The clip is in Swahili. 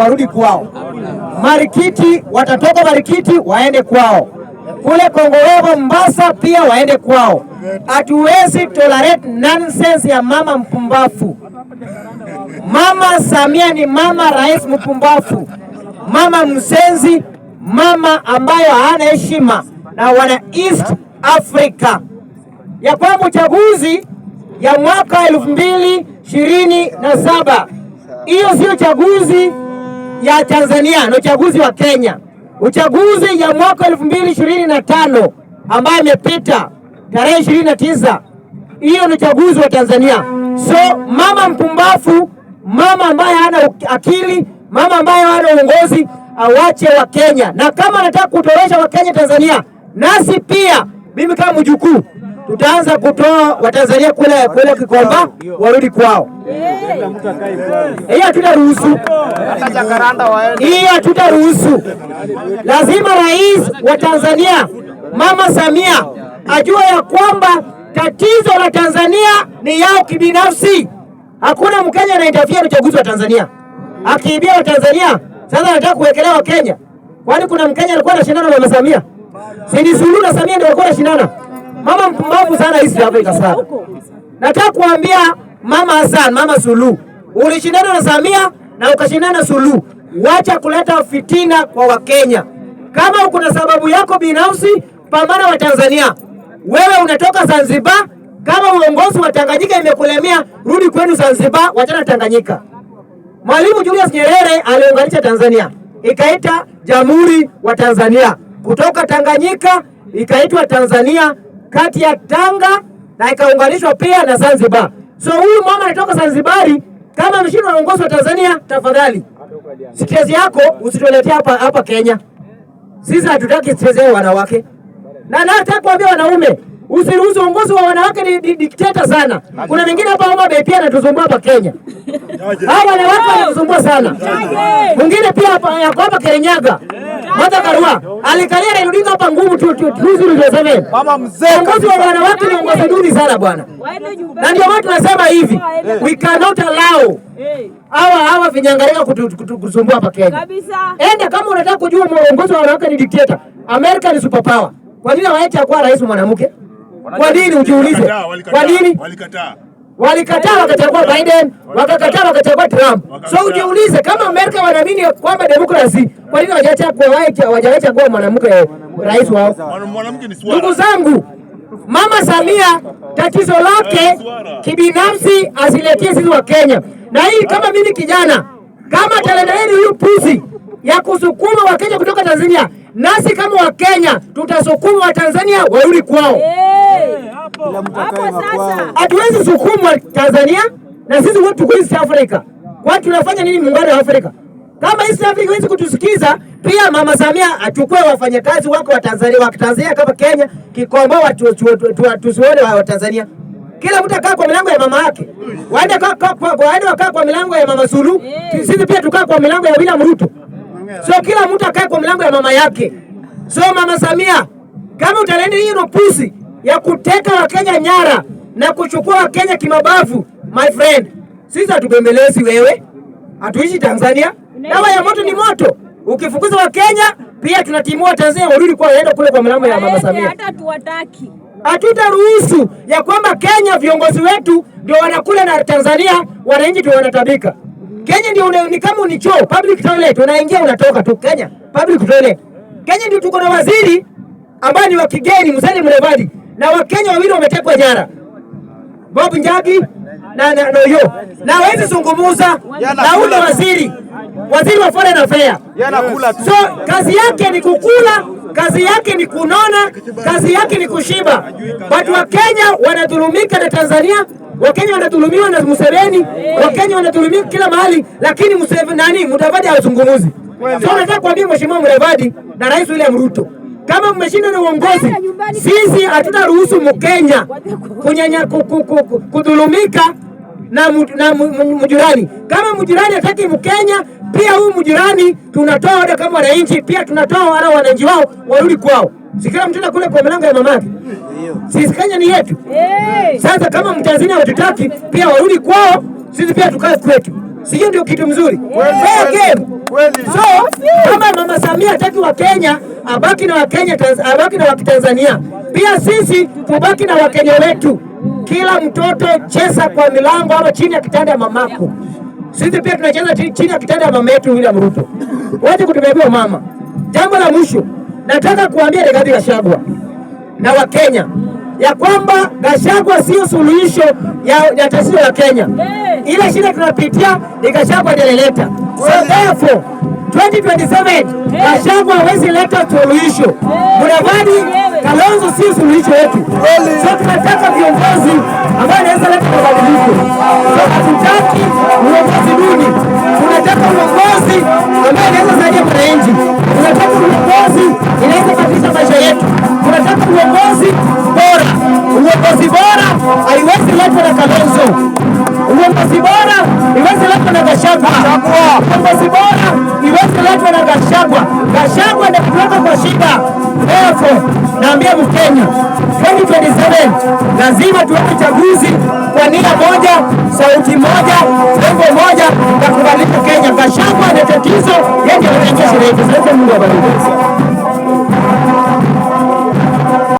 warudi kwao Marikiti, watatoka Marikiti waende kwao kule Kongolabo, Mombasa pia waende kwao. Hatuwezi tolerate nonsense ya mama mpumbafu. Mama Samia ni mama rais mpumbafu, mama msenzi, mama ambayo hana heshima na wana East Africa ya kwamba uchaguzi ya mwaka elfu mbili ishirini na saba hiyo sio chaguzi ya Tanzania na uchaguzi wa Kenya, uchaguzi ya mwaka elfu mbili ishirini na tano ambayo imepita tarehe ishirini na tisa hiyo ni uchaguzi wa Tanzania. So mama mpumbafu, mama ambaye hana akili, mama ambaye hana uongozi awache wa kenya na kama anataka kutoresha wa kenya Tanzania, nasi pia mimi kama mjukuu tutaanza kutoa Watanzania kula Kikomba warudi kwao. Hii hatutaruhusu, hii hatutaruhusu. Lazima rais wa Tanzania Mama Samia ajue ya kwamba tatizo la Tanzania ni yao kibinafsi. Hakuna Mkenya anainterfere na uchaguzi wa Tanzania akiibia Watanzania. Sasa anataka kuwekelea Wakenya, kwani kuna Mkenya alikuwa anashindana na Mama Samia? Si ni Suluhu na Samia ndio walikuwa wanashindana? mama mpumbavu sana East Afrika sana. Nataka kuambia mama Hassan, mama Sulu, ulishindana na Samia na ukashindana na Wacha kuleta fitina kwa Wakenya. Kama uko na sababu yako binafsi, pambana wa Tanzania. Wewe unatoka Zanzibar, kama uongozi wa Tanganyika imekulemea, rudi kwenu Zanzibar, wachana Tanganyika. Mwalimu Julius Nyerere aliunganisha Tanzania ikaita Jamhuri wa Tanzania kutoka Tanganyika ikaitwa Tanzania kati ya Tanga na ikaunganishwa pia na Zanzibar. So huyu mama anatoka Zanzibari, kama ameshindwa uongozi wa Tanzania, tafadhali stress yako usituletee hapa hapa Kenya. Sisi hatutaki stress ya wanawake, na nataka kuambia wanaume usiruhusu uongozi wa wanawake ni dikteta sana. Kuna mingine hapa Homa Bay pia hapa Kenya hawa ni watu wanazungua sana. Mwingine pia hapa hapa Kirinyaga Martha Karua alikalia Raila Odinga hapa ngumu tu tu tu. Mama mzee, uongozi wa wanawake ni uongozi duni sana bwana, na ndio watu tunasema hivi, we cannot allow eh. hawa hawa vinyangalika kutusumbua hapa Kenya kabisa. Ende kama unataka kujua mwongozo wa wanawake ni dictator, America ni power. Kwa nini hawaacha kuwa rais mwanamke? Kwa nini ujiulize? Kwa nini walikataa? walikataa wakachagua Biden, wakakataa wakachagua Trump. So ujiulize kama Amerika wanaamini kwamba demokrasi, kwa nini hawajachagua mwanamke rais wao? Ndugu zangu, Mama Samia tatizo lake kibinafsi asiletie sisi wa Kenya. Na hii kama mimi kijana, kama yenu huyu pusi ya kusukuma wa kenya kutoka Tanzania nasi kama Wakenya tutasukuma Watanzania warudi kwao. Hatuwezi sukuma Tanzania na sisi tuko East Africa. Kwa tunafanya nini muungano wa Afrika? Kama East Africa hawezi kutusikiza, pia Mama Samia achukue wafanyakazi wako wa Tanzania, wa Tanzania kama Kenya, Kikombo tusione wa Tanzania. Kila mtu akaa kwa milango ya mama yake. Waende wakaa kwa milango ya Mama Suluhu. Sisi pia tukaa kwa milango ya William Ruto. Sio kila mtu akae kwa mlango ya mama yake. Sio mama Samia, kama utaleni hiyo pusi ya kuteka Wakenya nyara na kuchukua Wakenya kimabavu, my friend, sisi hatubembelezi wewe, hatuishi Tanzania. Dawa ya moto ni moto. Ukifukuza Wakenya pia tunatimua Tanzania, warudi kwa waenda kule kwa mlango ya mama Samia. Hata tuwataki hatutaruhusu ya kwamba Kenya viongozi wetu ndio wanakula na Tanzania wananchi ndio wanatabika. Kenya ndio ni kama ni choo public toilet, unaingia unatoka tu. Kenya public toilet. Kenya ndio tuko na waziri ambaye ni wa kigeni Musalia Mudavadi na Wakenya wawili wametekwa nyara, Bob Njagi na na Noyo, na wezi zungumuza na ule waziri waziri wa foreign affairs. So kazi yake ni kukula, kazi yake ni kunona, kazi yake ni kushiba. Watu wa Kenya wanadhulumika na Tanzania Wakenya wanadhulumiwa na Museveni, Wakenya wanatulumiwa kila mahali, lakini Museveni nani, Mudavadi hazungumuzi. So nataka kuambia mheshimiwa Mudavadi na Rais William Ruto, kama mmeshinda na uongozi, sisi hatutaruhusu Mkenya kunyanya kudhulumika na, na mjirani. Kama mjirani hataki Mkenya, pia huyu mjirani tunatoa oda kama wananchi, pia tunatoa wana wananchi wao warudi kwao. Sikila mtoto kule kwa mlango ya mamake. Sisi Kenya ni yetu. Eh. Sasa kama mtazini watutaki pia warudi kwao, sisi pia tukae kwetu. Sijui ndio kitu mzuri. Fair eh. game. So kama Mama Samia hataki wa Kenya abaki na Wakenya, abaki na wakitanzania pia sisi tubaki na Wakenya wetu. Kila mtoto cheza kwa milango ama chini ya kitanda ya mamako. Sisi pia tunacheza chini ya kitanda ya mama yetu William Ruto. Wote kutubebewa mama. Jambo la mwisho nataka kuambia Rigathi Gachagua na Wakenya ya kwamba Gachagua sio suluhisho ya, ya tatizo la Kenya. Eh. Ile shida tunapitia ni Gachagua ajaleleta. So therefore 2027 eh. Gachagua hawezi leta suluhisho. Eh. Mudavadi Kalonzo sio suluhisho yetu. So tunataka viongozi ambao anaweza leta inaweza kubadilisha maisha yetu. Tunataka uongozi bora. Uongozi bora haiwezi letwa na Kalonzo. Uongozi bora iwezi letwa na Gashagwa. Uongozi bora iwezi letwa na Gashagwa. Gashagwa ndio kutoka kwa shida. Therefore, naambia Mkenya 2027 lazima tuweke chaguzi kwa nia moja, sauti moja, lengo moja na kubadilisha Kenya. Gashagwa ndio tatizo, yeye ndio anaendesha Mungu abariki.